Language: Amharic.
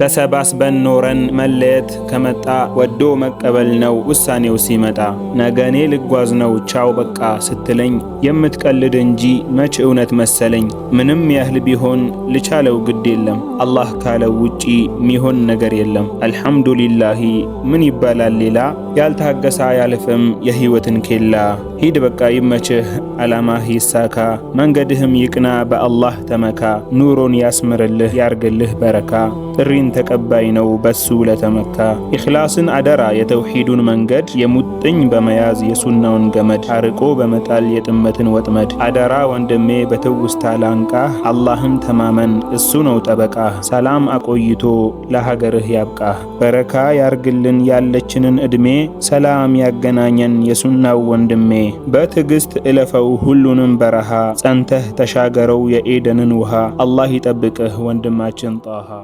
ተሰባስበን ኖረን መለየት ከመጣ ወዶ መቀበል ነው ውሳኔው ሲመጣ። ነገኔ ልጓዝ ነው ቻው በቃ ስትለኝ የምትቀልድ እንጂ መች እውነት መሰለኝ። ምንም ያህል ቢሆን ልቻለው ግድ የለም አላህ ካለው ውጪ ሚሆን ነገር የለም። አልሐምዱሊላሂ ምን ይባላል ሌላ ያልታገሳ ያልፍም የህይወትን ኬላ። ሂድ በቃ ይመችህ፣ አላማህ ይሳካ፣ መንገድህም ይቅና፣ በአላህ ተመካ፣ ኑሮን ያስምርልህ ያርግልህ በረካ። ዚክሪን ተቀባይ ነው በሱ ለተመካ። ኢኽላስን አደራ የተውሂዱን መንገድ የሙጥኝ በመያዝ የሱናውን ገመድ አርቆ በመጣል የጥመትን ወጥመድ አደራ ወንድሜ በትውስታ ላንቃ አላህን ተማመን እሱ ነው ጠበቃ ሰላም አቆይቶ ለሀገርህ ያብቃ በረካ ያርግልን ያለችንን ዕድሜ ሰላም ያገናኘን የሱናው ወንድሜ በትዕግስት እለፈው ሁሉንም በረሃ ጸንተህ ተሻገረው የኤደንን ውሃ አላህ ይጠብቅህ ወንድማችን ጣሃ